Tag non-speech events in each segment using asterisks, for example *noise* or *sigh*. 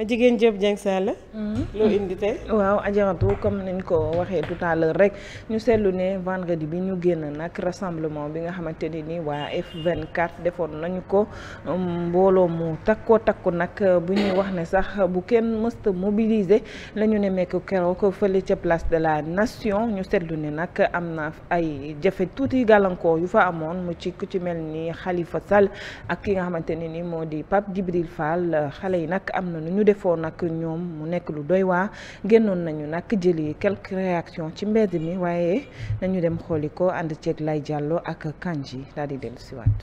ma jigéen Diop Dieng Sall. Mm-hmm. loo indi tey. waaw ajaratu comme nañ ko waxee tout à rek ñu seetlu ne vendredi bi ñu génn nag rassemblement bi nga xamante ne ni waa F24 defoon nañu ko um, mbooloo mu takkoo takku nag bu ñuy wax ne sax bu kenn mësta mobiliser la ñu ne mekk keroog fële ca place de la nation ñu seetlu ne nag am na ay jafe tuuti gàllankoor yu fa amoon mu ci ku ci mel ni xalifa sal ak ki nga xamante ne ni moo di Pape Djibril Fall xale yi nag am defoo nag ñoom mu nekk lu doy waa génnoon nañu nag jëli quelques réactions ci mbedd mi waaye nañu dem xooli ko ànd ceeg lay jàlloo ak kanji daal di dellu siwaat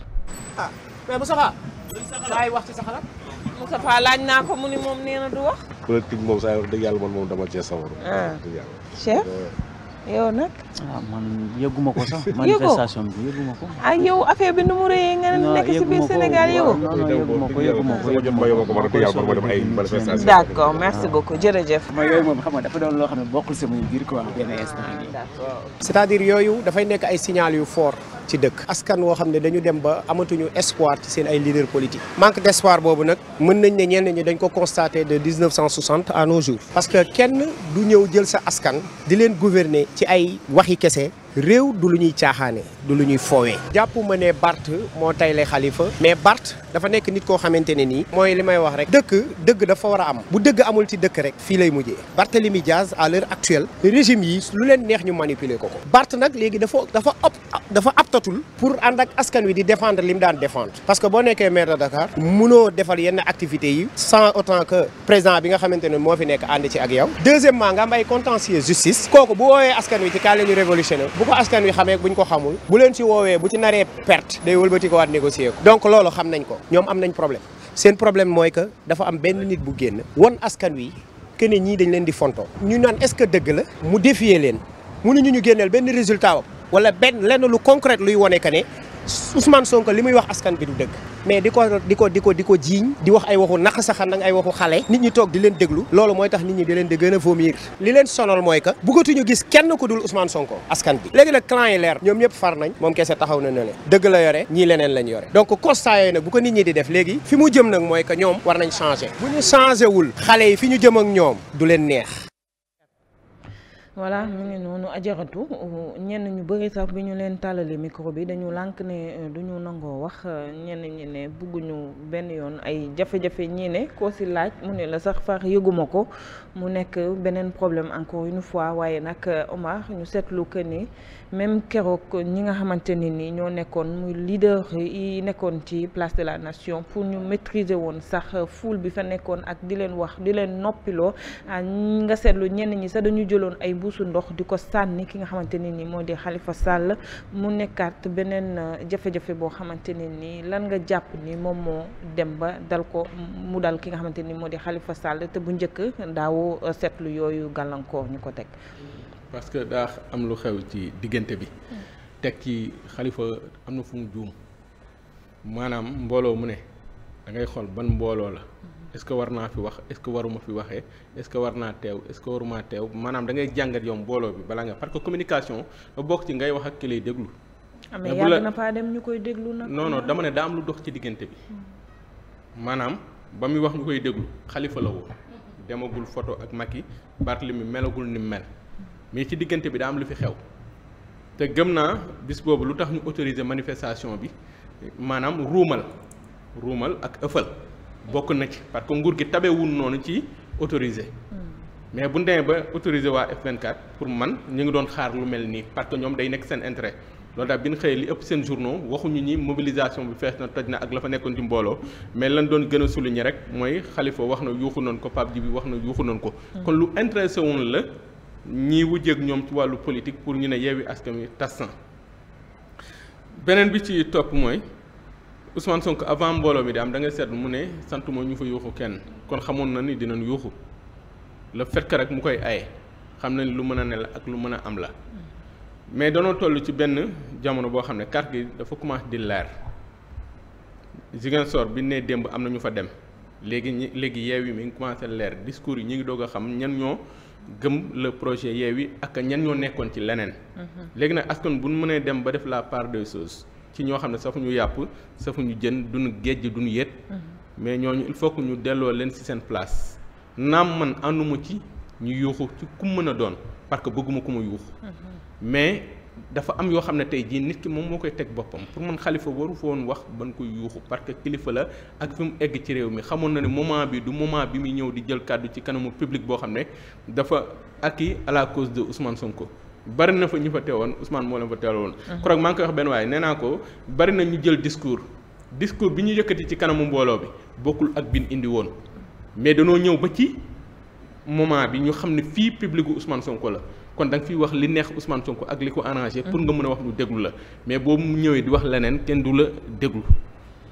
ah mais Moustapha kaay wax ci sa xalaat Moustapha laaj naa ko mu ni moom nee du wax politique moom saa wax dëgg yàlla man moom dama cee sawaru ah. dëgg yow nag. ah man yëguma ko sax. *laughs* manifestation bi yëguma ko. ah yow affaire bi nu mu rëy nga nekk si biir Sénégal yow. non non yëguma ko yëguma ko yëguma ko ko d' accord merci beaucoup jërëjëf. mooy yooyu moom xam nga dafa doon loo xam ne bokkul sama biir quoi benn instant. d' accord. c' est à dire yooyu dafay nekk ay signal yu fort. ci dëkk askan woo xam ne dañu dem ba amatuñu espoir ci seen ay leader politique manque d' boobu nag mën nañ ne ñenn ñi dañ ko constaté de 1960 à nos jours parce que kenn du ñëw jël sa askan di leen gouverner ci ay waxi kese réew du lu ñuy caaxaane du lu ñuy foowee jàpp ma ne Barth moo tay le xalifa mais Barth dafa nekk nit koo xamante ne nii mooy li may wax rek dëkk dëgg dafa war a am bu dëgg amul ci dëkk rek fii lay mujjee Barthélemy Diaz à l'heure actuelle régime yi lu leen neex ñu manipuler ko ko Barth nag léegi dafa dafa dafa aptatul pour and ak askan wi di défendre li mu daan défendre parce que boo nekkee maire de Dakar munoo defal yenn activités yi sans autant que président bi nga xamante ne moo fi nekk ànd ci ak yow deuxièmement nga am ay contentieux justice kooku bu wi ci kaa la ñu révolutionné ko askan wi xamee bu ñu ko xamul bu leen ci woowee bu ci naree perte day wëlbati ko waat négocier ko donc loolu xam nañ ko ñoom am nañ problème seen problème mooy que dafa am benn nit bu génn won askan wi que ne ñii dañ leen di fontoo ñu naan est-ce que dëgg la mu défier leen mënuñu ñu génneel benn résultat wala benn lenn lu concret luy wone que ne Ousmane Sonko li muy wax askan bi du dëgg mais di ko di ko di ko di ko jiiñ di wax ay waxu naq saxan nag ay waxu xale nit ñi toog di leen déglu loolu mooy tax nit ñi di leen di gën a vomir li leen sonal mooy que bëggatuñu gis kenn ku dul usman Sonko askan bi léegi nag clan yi leer ñoom ñëpp far nañ moom kese taxaw na nële dëgg la yore ñii leneen lañ yore donc constat yooyu nag bu ko nit ñi di def léegi fi mu jëm nag mooy que ñoom war nañ changer bu ñu changé wul xale yi fi ñu jëm ak ñoom du leen neex voilà mu ngi noonu ajaratu ñenn ñu bëri sax bi ñu leen tàllale micro bi dañu lànk ne euh, duñu nangoo wax euh, ñenn ñi ne bëgguñu benn yoon ay jafe-jafe ñii ne koo si laaj mu ne la sax far yëguma ko mu nekk beneen problème encore une fois waaye nag euh, Omar ñu seetlu que ni. même keroog ñi nga xamante ne ni ñoo nekkoon muy leader yi nekkoon ci place de la nation pour ñu maîtriser woon sax foule bi fa nekkoon ak di leen wax di leen noppiloo nga seetlu ñenn ñi sax dañu jëloon ay buusu ndox di ko sànni ki nga xamante ne ni moo di xalifa sàll mu nekkaat beneen euh, jafe-jafe boo xamante ne ni lan nga jàpp ni moom moo dem ba dal ko mu dal ki nga xamante ni moo di xalifa Sall te bu njëkk daawoo euh, seetlu yooyu gàllankoor ñu ko teg. parce que daa am lu xew ci diggante bi. Hmm. teg ci xalifa am na fu mu juum maanaam mbooloo mu ne da ngay xool ban mbooloo la. Hmm. est-ce que war naa fi wax est-ce que waruma fi waxee est-ce que war naa teew est waruma teew maanaam da jàngat yow mbooloo bi balaa nga parce que communication da bokk ci ngay wax ak ki lay déglu. Ah, mais yàgg na pas dem ñu koy déglu nag. non non dama ne daa am lu dox ci diggante bi hmm. maanaam ba muy wax nga koy déglu xalifa la woo demagul photo ak Macky Barthélemy melagul ni mel. mais ci diggante bi daa am lu fi xew te gëm naa bis boobu lu tax ñu autoriser manifestation bi maanaam ruumal ruumal ak ëffal bokk na ci parce que nguur gi tabewul noonu ci autoriser hmm. mais bu demee ba autoriser waa F24 pour man ñu ngi doon xaar lu mel nii parce que ñoom day nekk seen intérêt loolu daal bi ñu xëyee li ëpp seen journaux waxuñu ñi mobilisation bi fees na toj na ak la fa nekkoon ci mbooloo mais lan doon gën a rek mooy Khalifa wax na yuuxu noonu ko Pape Djibi wax na yuuxu noonu ko hmm. ñii wujjeeg ñoom ci wàllu politique pour ñu ne Yewwi Askan Wi tas na beneen bi ci topp mooy Ousmane Sonko avant mbooloo mi di am da ngay seetlu mu ne sant moo ñu fa yuuxu kenn kon xamoon na ni dinañ yuuxu le fait rek mu koy aye xam nañ lu mën a ne la ak lu mën a am la mais danoo toll ci benn jamono boo xam ne carte gi dafa commencé di leer Ziguinchor bi ne démb am na ñu fa dem léegi ñi léegi Yewwi mi ngi commencé leer discours yi ñu ngi doog a xam ñan ñoo gëm le projet Yewwi ak ñan ñoo nekkoon ci leneen. Mhm. léegi nag askan bu ñu mënee dem ba def la part des choses ci ñoo xam ne safuñu yàpp ñu jën duñu géej duñu yët. Mhm. mais ñooñu il faut ñu delloo leen ci seen place naam man ànduma ci ñu yuuxu ci ku mën a doon parce que bëgguma ku mu yuuxu mhm. mais. dafa am yoo xam ne tey jii nit ki moom moo koy teg boppam pour man xalifa waru fa woon wax ban ko yuuxu parce que kilifa la ak fi mu egg ci réew mi xamoon na ne moment bi du moment bi muy ñëw di jël kàddu ci kanamu public boo xam ne dafa acquis à la cause de Ousmane Sonko. bari na fa ñu fa teewoon Ousmane moo leen fa teewoon. Mhm. keroog maa ngi koy wax benn waaye nee naa ko bari na ñu jël discours discours bi ñu yëkkati ci kanamu mbooloo bi bokkul ak bin indi woon mais danoo ñëw ba ci moment bi ñu xam ne fii public gu Sonko la. kon da fi wax li neex Ousmane Sonko ak li ko arrangé pour mm. nga mën a wax mu déglu la mais boobu mu ñëwee di wax leneen kenn du la déglu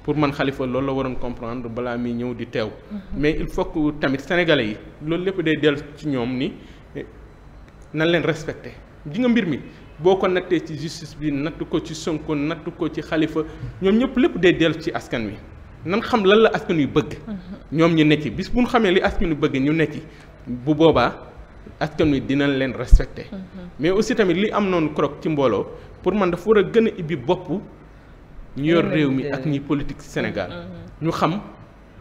pour man xalifa loolu la waroon comprendre balaa muy ñëw di teew mm-hmm. mais il faut que tamit sénégalais yi loolu lépp day dellu ci ñoom ni nan leen respecté ji nga mbir mi boo ko nattee ci justice bi natt ko ci Sonko natt ko ci xalifa ñoom ñëpp lépp day dellu ci askan wi nan xam lan la askan yu bëgg mm-hmm. ñoom ñu nekk bis bu ñu xamee li askan yu bëgg ñu nekk bu boobaa askan wi dina leen respecté. Mm-hmm. mais aussi tamit li am noonu krok ci mbooloo pour man dafa war a gën a ibbi bopp ñu yor réew mi ak ñi politique Sénégal. Mm-hmm. ñu xam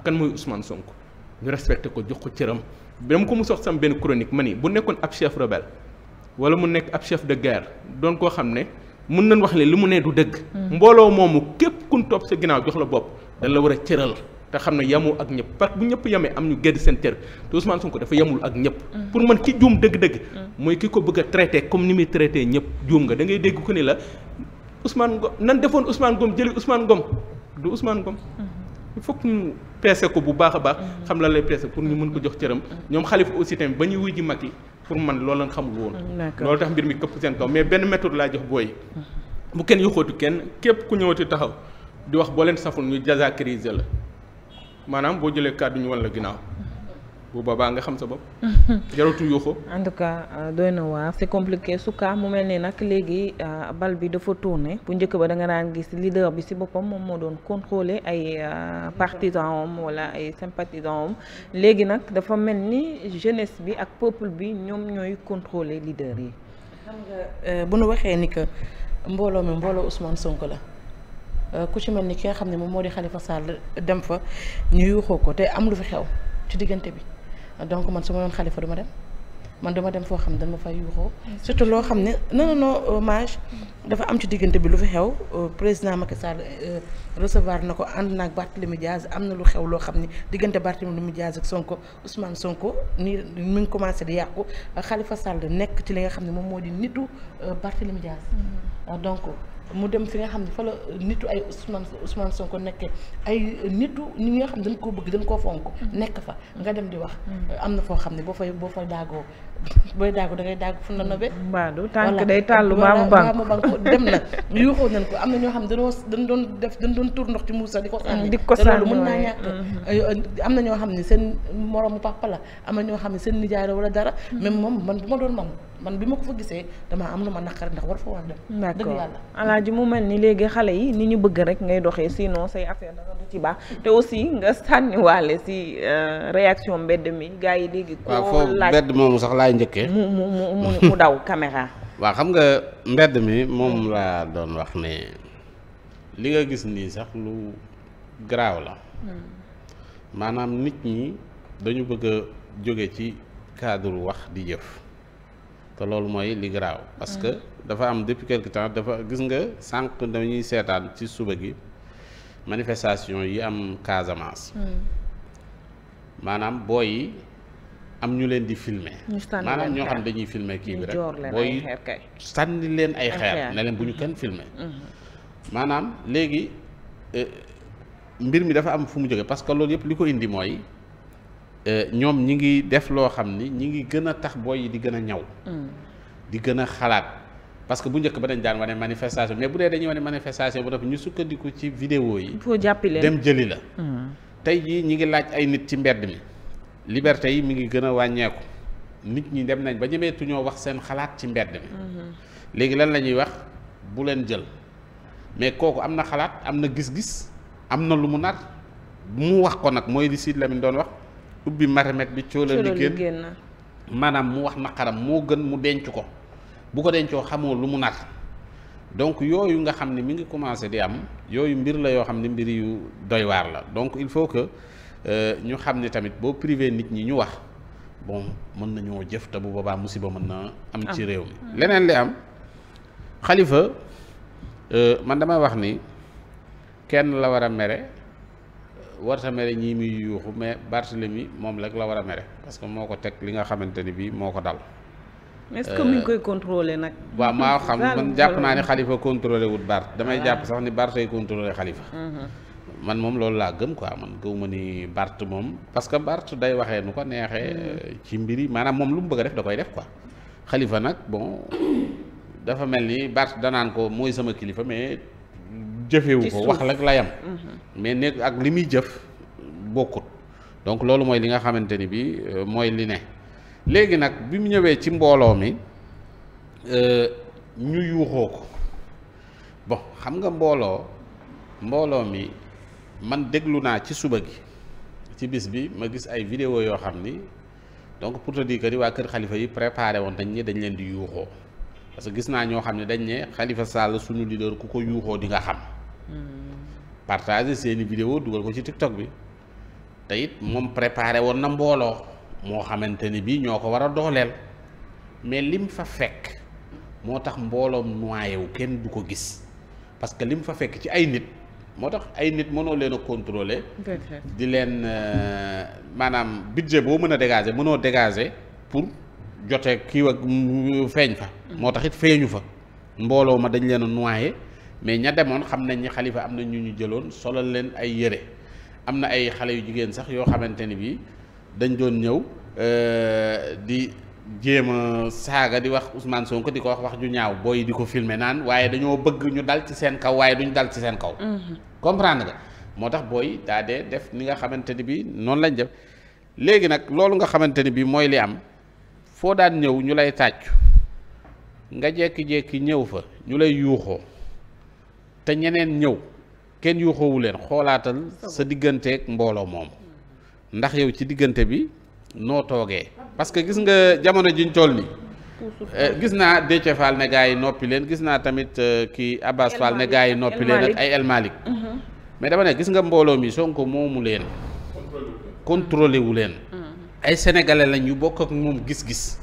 kan mooy Ousmane Sonko ñu respecté ko jox ko cëram. dama ko mu sox sam benn chronique ma ni bu nekkoon ab chef rebelle wala mu nekk ab chef de guerre doon koo xam ne mun nañ wax ne li mu ne du dëgg. Mm-hmm. mbooloo moomu képp kun topp sa ginnaaw jox la bopp dañ la war a cëral. te xam ne yamoo ak ñëpp parce que bu ñëpp yamee am ñu gedd seen cër te Ousmane Sonko dafa yamul ak ñëpp. Mm-hmm. pour man ki juum dëgg-dëgg. Mm-hmm. mooy ki ko bëgg traité comme ni muy traité ñëpp juum nga dangay dégg ko ni la Ousmane Ngom nan defoon Ousmane Ngom jëli Ousmane Ngom du Ousmane Ngom. Mm-hmm. il faut ñu peese ko bu baax a baax. xam la lay peese pour ñu mën ko jox cëram. ñoom xalifa aussi tamit ba ñuy wuy ji mag yi pour man loolu lañ xamul woon. loolu tax mbir mi këpp seen kaw mais benn méthode laa jox booy. bu kenn yuxootu kenn képp ku ñëwati taxaw di wax boo leen saful ñu jaza crise la maanaam boo jëlee kàdduñu ñu wan ginnaaw bu boobaa nga xam sa bopp. *laughs* jaratu yuuxu. en euh, doy na waar c'est compliqué su mu mel ne nag léegi euh, bal bi dafa tourné bu njëkk ba da nga daan gis leader bi ci boppam moom moo doon contrôler ay euh, partisans am wala ay sympathisants léegi nag dafa mel ni jeunesse bi ak peuple bi ñoom ñooy contrôler leader yi. bu nu waxee ni que mbooloo mi mbooloo Ousmane Sonko la. Euh, ku ci mel ni ki nga xam ne moom moo di Khalifa Sall dem fa ñu yuuxoo ko te am lu fi xew ci diggante bi donc man su ma doon Khalifa du ma dem man dama dem foo xam ne dañ ma fay yuuxoo loo xam ne non non dafa am ci diggante bi lu fi xew euh, président Macky Sall euh, recevoir na ko ànd naag Barthélémy Diaz am na lu xew loo xam ne diggante Barthélémy Diaz ak Sonko Ousmane Sonko nii mi ngi commencé di yàqu Khalifa Sall nekk ci li nga xam ne moom moo di nitu Barthélémy Diaz mm-hmm. donc mu dem fi nga xam ne fa la nitu ay Ousmane soo ko nekkee ay nitu ñi nga xam ne dañ koo bëgg dañ koo fonk nekk fa nga dem di wax mm. am na foo xam ne boo fay boo fa daagoo booy daagu da ngay daagu fu na mm. nobe mbaadu tànk day tàllu baa mu bànk mu bànk dem na *laughs* yuuxoo ko am na ñoo xam dañoo dañ doon def dañ doon tur ndox ci mbuus sax di ko sànni mm, di ko sànni loolu naa ñàkk mm-hmm. am na ñoo xam ne seen moroomu papa am na ñoo xam ne seen nijaay wala dara mm-hmm. même moom man bu ma doon mam man bi ma ko fa gisee damaa am na ma naqari ndax war fa war dem. dëgg mu mel ni léegi xale yi ni ñu bëgg rek ngay doxee noo say affaire dara du ci baax te aussi nga sànniwaale si euh, réaction mbedd mi gars yi léegi. koo laaj waaw mbedd moomu sax laay njëkkee. mu mu mu mu daw caméra. *laughs* waaw xam nga mbedd mi moom laa doon wax ne li nga gis nii sax lu garaaw la. Hmm. maanaam nit ñi dañu bëgg a jóge ci cadre wax di jëf. te loolu mooy li garaaw parce que mm. dafa am depuis quelque temps dafa gis nga sànq dañuy seetaan ci suba gi manifestation yi am Casamance. Mm. maanaam booy yi am ñu leen di filmer maanaam ñoo xam dañuy filmer kii bi rek booy sànni leen ay xeer ne leen bu ñu kenn mm-hmm. filmer mm-hmm. maanaam léegi eh, mbir mi dafa am fu mu jógee parce que loolu yëpp li ko indi mooy Euh, ñoom ñi ngi def loo xam ni ñi ngi gën a tax booy yi di gën a ñaw mm. di gën a xalaat parce que bu njëkk ba dañ daan wane manifestation mais bu dee dañuy wane manifestation ba dafa ñu sukkandiku ci vidéo yi dem jëli la mm. tey jii ñi ngi laaj ay nit ci mbedd mi liberté yi mi ngi gën a wàññeeku nit ñi dem nañ ba ñemeetuñoo wax seen xalaat ci mbedd mi mm-hmm. léegi lan la ñuy wax bu leen jël mais kooku am na xalaat am na gis-gis am na lu mu nar mu wax ko nag mooy li la Lamine doon wax ubbi maramet bi cóolal li génn maanaam mu wax naqaram moo gën mu denc ko bu ko dencoo xamoo lu mu nar donc yooyu nga xam ne mi ngi commencé di am yooyu mbir la yoo xam ne mbir yu doywaar la donc il faut que euh, ñu xam ne tamit boo privé nit ñi ñu wax bon mën nañoo jëf te bu boobaa musiba mën na am ci réew mi mm. leneen li am xalifa euh, man damay wax ni kenn la war a mere warta mere ñii muy yuuxu mais Barthélemy moom rek la war a mere parce que moo ko teg li nga xamante ni bii moo ko dal. est-ce que mi euh, koy contrôler nag. waaw maa *laughs* xam man jàpp naa ni xalifa contrôlé wut Barth ah. damay jàpp sax ni Barth ay contrôlé xalifa. Mhm. man moom loolu laa gëm ko man gëw ma ni Barth moom parce que Barth day waxee nu ko neexee. Mhm. ci mbir yi maanaam moom lu mu bëgg a def da koy def quoi. xalifa nag bon *coughs* dafa mel ni bart danaan ko mooy sama kilifa mais. jëfewu ko wax rek la yam mhm. mais ne ak li muy jëf bokkut donc loolu mooy li nga xamante ni bi euh, mooy li ne léegi nag bi mu ñëwee ci mbooloo mi euh, ñu yuuxoo ko bon xam nga mbooloo mbooloo mi man déglu naa ci suba gi ci bis bi ma gis ay vidéo yoo xam ni donc pour te dire que waa kër xalifa yi préparé woon dañ ne dañ leen di yuuxoo parce que gis naa ñoo xam ne dañ ne xalifa Sall suñu leader ku ko yuuxoo di nga xam Hmm. partager seeni vidéo dugal ko ci TikTok bi te it moom préparé woon na mbooloo moo xamante ni bii ñoo ko war a dooleel mais lim fa fekk moo tax mbooloom noyewu kenn du ko gis parce que lim fa fekk ci ay nit moo tax ay nit mënoo leen a contrôler di leen euh, maanaam budget boo mën a dégager mënoo dégager pour jote kii wa feeñ fa hmm. moo tax it feeñu fa mbooloo ma dañ leen a noyé mais ña demoon xam nañ ni xalifa am na ñu ñu jëloon solal leen ay yére am na ay xale yu jigéen sax yoo xamante ni bii dañ doon ñëw euh, di jéem a saaga di wax Ousmane Sonko di ko wax wax ju ñaaw booy di ko filmer naan waaye dañoo bëgg ñu dal ci seen kaw waaye duñu dal ci seen kaw. Mm-hmm. comprendre nga moo tax booy daa def ni nga xamante ni bii noonu lañ def léegi nag loolu nga xamante ni bii mooy li am foo daan ñëw ñu lay tàcc nga jékki-jékki ñëw fa ñu lay yuuxoo. te ñeneen ñëw kenn yuuxoowu leen xoolaatal sa digganteeg mbooloo moom ndax yow ci diggante bi noo toogee parce que gis nga jamono jiñ toll ni eh, gis naa Déthié Fall ne gaa yi noppi leen gis naa tamit eh, kii Abbas Fall ne gaa yi noppi leen ak ay El mhm. mais dama ne gis nga mbooloo mi Sonko moomu leen contrôlé wu leen mhm. ay sénégalais lañ yu bokk ak moom gis-gis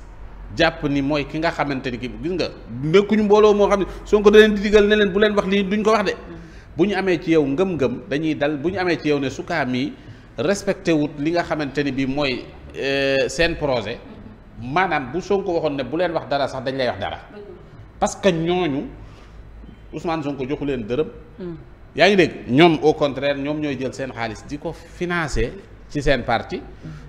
jàpp ni mooy ki nga xamante ni ki gis nga mbékkuñu mbooloo moo xam ne Sonko da leen di digal ne leen bu leen wax lii duñ ko wax de bu ñu amee ci yow ngëm-ngëm dañuy dal bu ñu amee ci yow ne sukaa mii respecté wut li nga xamante ni bi mooy euh, seen projet maanaam bu Sonko waxoon ne bu leen wax dara sax dañ lay wax dara parce que ñooñu Ousmane Sonko joxu leen dërëm mm. yaa ngi dégg ñoom au contraire ñoom ñooy jël seen xaalis di ko financé ci seen parti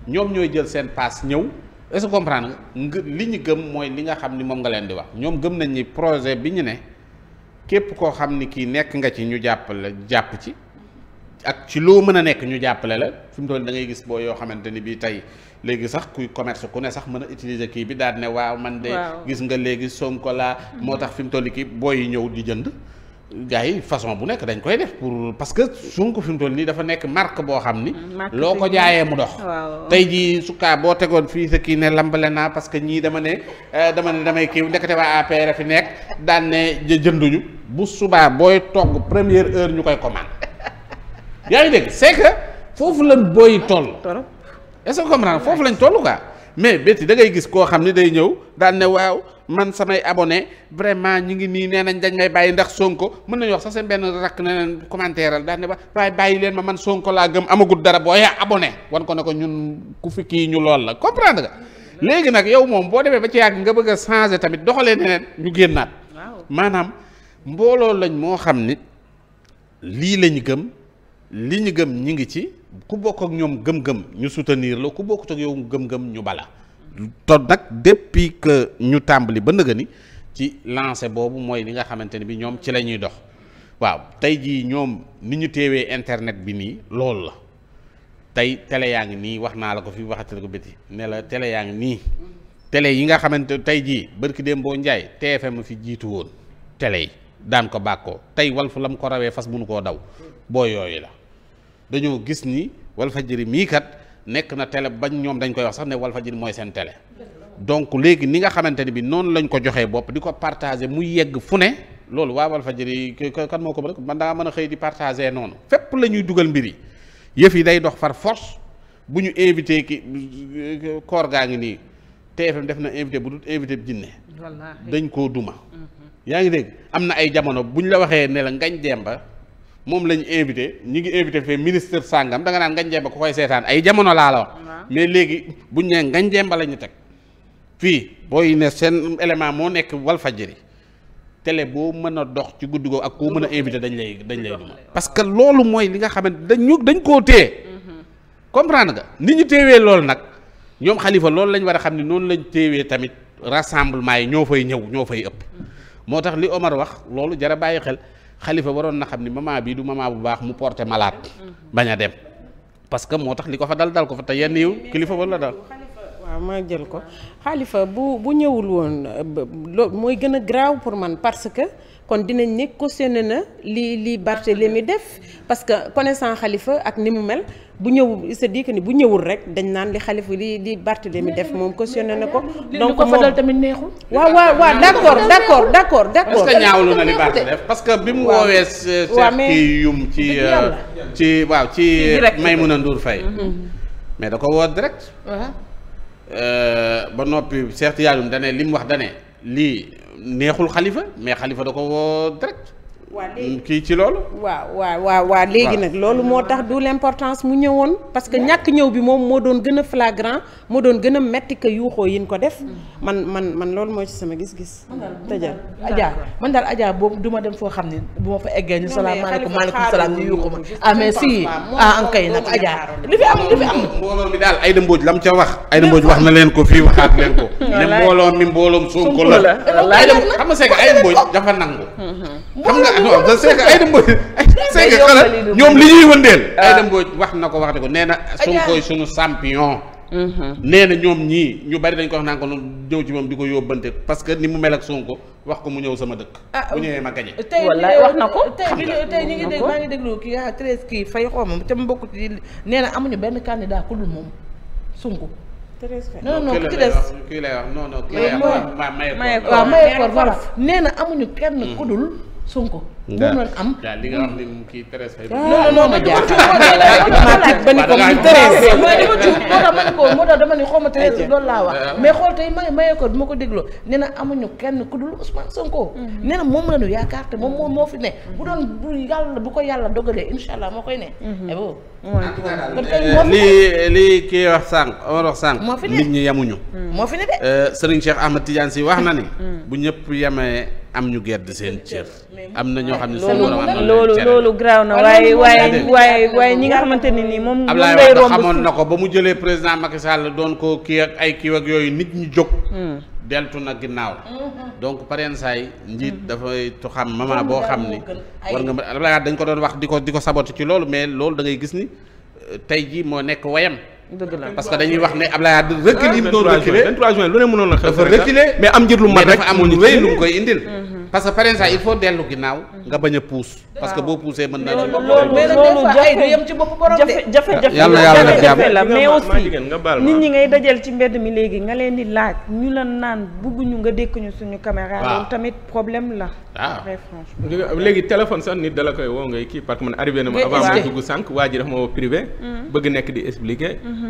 ñoom ñooy jël seen paas ñëw est-ce comprendre nga li ñu gëm mooy li nga xam ni moom nga leen di wax ñoom gëm nañ ni projet bi ñu ne képp koo xam ni kii nekk nga ci ñu jàppale jàpp ci ak ci loo mën a nekk ñu jàppale la fi mu toll da gis boo yoo xamante ni bii tey léegi sax kuy commerce ku ne sax mën a utiliser kii bi daal ne waaw man de gis nga léegi Sonko laa mm-hmm. moo tax fi mu toll kii booy ñëw di jënd gars yi façon bu nekk dañ koy def pour parce que Sonko fi mu toll nii dafa nekk marque boo xam ni. Ah, loo ko jaayee mu dox. tey jii sukkaa boo tegoon fii sa kii ne lambale naa parce que ñii dama ne euh, dama damay kii ndekete waa APR fi nekk daan ne jënduñu bu subaa booy togg première heure ñu koy commande *laughs* yaa ngi dégg c'est que foofu lañ booy toll. est-ce foofu lañ toll quoi. mais bétti da ngay gis koo xam ni day ñëw daal ne waaw man samay abone vraiment ñu ngi nii nee nañ dañ may bàyyi ndax sonko mën nañu wax sa seen benn rakk ne leen commentaire al daal ne waaye bàyyi leen ma man sonko laa gëm amagut dara boo yaa abonné wan ko ne ko ñun ku fi kii ñu lool la comprendre nga. léegi nag yow moom boo demee ba ci yàgg nga bëgg a changer tamit doxalee neen ñu génnaat. waaw maanaam mbooloo lañ moo xam ni lii lañu gëm li ñu gëm ñi ngi ci. ku bokk ak ñoom gëm-gëm ñu soutenir la ku bokkut ak yow gëm-gëm ñu bala ton nag depuis que ñu tàmbali ba nëga ci lancé boobu mooy li nga xamante ni bi ñoom ci la ñuy dox waaw tey jii ñoom ni ñu teewee internet bi nii loolu la tey télé yaa ngi nii wax naa la ko fi waxatale ko béti ne la télé yaa nii télé yi nga xamante tey jii barki démb boo njaay TFM fi jiitu woon tele yi daan ko bàkkoo tey Walf lam ko rawee fas mënu koo daw boo yooyu la dañoo gis ni Walfadjri mii kat nekk na télé bañ ñoom dañ koy wax sax ne Walfadjri mooy seen télé donc léegi ni nga xamante ne bi noonu lañ ko joxee bopp di ko partagé mu yegg fu ne loolu waa Walfadjri kan moo ko mën man daa mën a xëy di partagé noonu fépp la ñuy dugal mbir yi yëf yi day dox far force bu ñu invité ki koor gaa ngi nii TFM def na invité bu dul invité bi jinne dañ koo duma mm-hmm. yaa ngi dégg am na ay jamono bu ñu la waxee ne la ngañ demba moom lañ invité ñi ngi invité fee ministre sàngam da nga naan Ngagne Demba ku koy seetaan ay jamono laa la wax mais léegi bu ñu nee Ngagne Demba la ñu teg fii booy ne seen élément moo nekk Walfadjri télé boo mën a dox ci guddi googu ak koo mën a invité dañ lay dañ lay duma parce que loolu mooy li nga xamante dañu dañ koo téye mm-hmm. comprend nga nit ñu téewee loolu nag ñoom xalifa loolu lañ war a xam ne noonu lañ téewee tamit rassemblement yi ñoo fay ñëw ñoo fay ëpp mm-hmm. moo tax li Omar wax loolu jara bàyyi xel xalifa waroon na xam ni maman bi du maman bu baax mu porte malaat bañ a dem parce que moo tax li ko fa dal dal ko fa te yenn yiw kilifa wala dal waaw ma jël ko xaalifa bu bu ñëwul woon euh, loo mooy gën a graaw pour man parce que kon dinañ ne cautionné na li li Barthélemy def parce que connaissant xalifa ak ni mu mel bu ñëwul il se dit bu ñëwul rek dañ naan li xalifa li li Barthélemy def moom cautionné na ko. donc ko neexul. waaw waaw waaw d' accord d' accord d' accord d' parce que bi mu woowee. waaw ci yum ci euh, ci waaw ci. Maimouna Ndour Faye mm-hmm. mais da ko woo direct. Euh, ba noppi Cheikh Tidiane dane li mu wax dane lii neexul xalifa mais xalifa da ko woo waa mm, kii ci loolu. waaw waaw waaw waaw léegi nag loolu moo tax du l'importance mu ñëwoon. parce que ñàkk ñëw bi moom moo doon gën a flagrant moo doon gën a metti que yuuxoo ko def. Mm. man man man loolu moo ci sama gis-gis. tëjal Adja man daal Adja boobu du dem foo xam ne bu ma eggee ñu salaamaaleykum maaleykum salaam ñu yuuxu ma ah mais si ah an kay nag Adja li fi am li fi am. *laughs* mbooloo mi daal Ayda Mbodj la mu ca wax. Ayda Mbodj wax na leen ko fii waxaat leen ko. *laughs* ne mbooloo mi mbooloom Sonko la. Ayda xam nga Ayda dafa nangu xam nga non c'est que Aïda Mbodj c'est que ñoom li ñuy wëndeel ah. Aïda Mbodj wax na ko waxati ko nee na Sonko suñu sampion mhm. nee na ñoom ñii ñu bari dañ ko wax naan ko ñëw ci moom di ko yóbbante parce que ni mu mel ak Sonko wax ko mu ñëw sama dëkk ah, bu ñëwee ma gañe wallaay wax na ko tey ñu ngi dégg maa ngi déglu kii treize kii fay xaw ma bokk ci nee na amuñu benn candidat ku dul moom Sonko non non ku ci des kii lay maye koor nee na amuñu kenn ku mm. dul Sonko. mënoon am li nga wax ni kii Thérèse Faye. non ma jaaxal ba ni ko muy Thérèse. dama juum moo tax ma ne ko moo tax dama ne xaw ma ko duma ko dégloo nee kenn ku dul Ousmane Sonko. nee na moom la ñu yaakaar moom moo fi ne. bu doon bu yàlla bu ko yàlla dogalee incha allah moo koy ne. li li kii wax sànq Omar wax sànq. moo fi ne nit ñi yemuñu. moo fi ne de. Serigne Cheikh Ahmed Tidiane si wax na ni. bu ñëpp yemee. am ñu gedd seen cër. am na ñoo xam ne seen borom am na loolu loolu garaaw na waaye waaye waaye waaye ñi nga xamante ne nii moom. Ablaye Wade xamoon na ko ba mu jëlee président Macky Sall doon ko kii ak ay kii ak yooyu nit ñu jóg. Hmm. deltu na ginnaaw. Hmm. donc pareen saay njiit hmm. dafay tu xam maman boo xam ni. war nga Ablaye Wade dañ ko doon wax di ko di ko saboté ci loolu mais loolu da ngay gis ni euh, tey jii moo nekk wayam. dëgg la parce que dañuy wax ne Ablaye Wade ah, reculer mu doon reculer 23 juin lu ne mënoon na xew dafa mais am njër lu rek dafa am lu rëy lu mm-hmm. a puus que boo puusee mën na jafe-jafe jafe la mais aussi nit ñi ngay dajal ci mbedd mi léegi nga leen di laaj ñu la naan bugguñu nga dékk ñu suñu caméra loolu tamit problème la léegi téléphone sax nit dala koy woo ngay kii parce que man arrivé na ma avant ma dugg sànq waa ji daf ma woo privé mm-hmm. bëgg nekk di expliquer mm-hmm.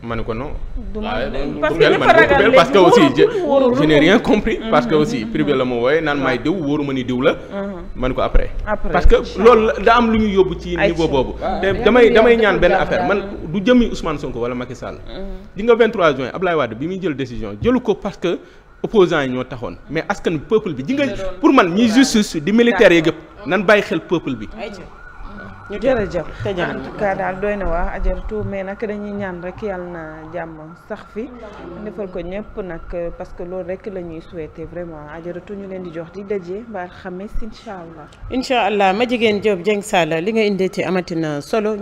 ma ko non. du ma ah, parce, parce que aussi je rien compris. Mm-hmm. parce que aussi privé la ma wooye naan maay diw mm-hmm. wóoru ma ni diw la. Mm-hmm. ma ko après. parce que loolu da am lu ñu yóbbu ci niveau boobu. te damay damay ñaan benn affaire man du jëmi Ousmane Sonko wala Macky Sall. di nga 23 juin Ablaye Wade bi muy jël décision jëlu ko parce que opposants yi ñoo taxoon mais askan peuple bi ji nga pour man ñi justice di militaires yi gëpp nan bàyyi xel peuple bi. ñu jërëjëf en tout cas daal doy na waa ajaratu mais nag dañuy ñaan rek yàlla na jàmm sax fi defal ko ñëpp nag euh, parce que loolu rek la ñuy souhaiter vraiment ajaratu ñu leen di jox di daje ba xamis incha allah. incha allah ma jigéen Diop Dieng Sall li nga indee ci amatina solo.